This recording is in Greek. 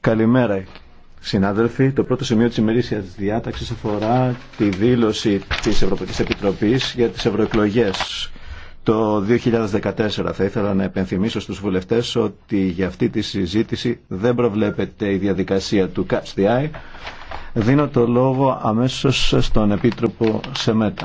Καλημέρα συνάδελφοι. Το πρώτο σημείο της ημερήσιας διάταξης αφορά τη δήλωση της Ευρωπαϊκής Επιτροπής για τις ευρωεκλογές. Το 2014 θα ήθελα να επενθυμίσω στους βουλευτές ότι για αυτή τη συζήτηση δεν προβλέπεται η διαδικασία του Catch the Eye. Δίνω το λόγο αμέσως στον Επίτροπο Σεμέτ.